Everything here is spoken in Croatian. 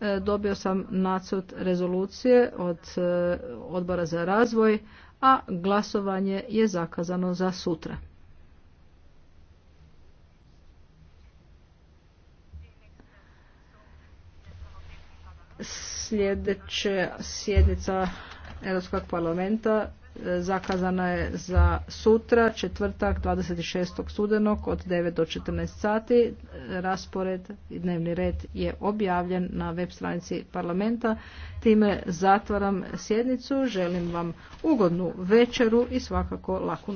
E, dobio sam nacrt rezolucije od e, odbora za razvoj, a glasovanje je zakazano za sutra. Sljedeća sjednica Europskog parlamenta zakazana je za sutra, četvrtak 26. studenog od 9 do 14 sati. Raspored i dnevni red je objavljen na web stranici parlamenta. Time zatvaram sjednicu. Želim vam ugodnu večeru i svakako laku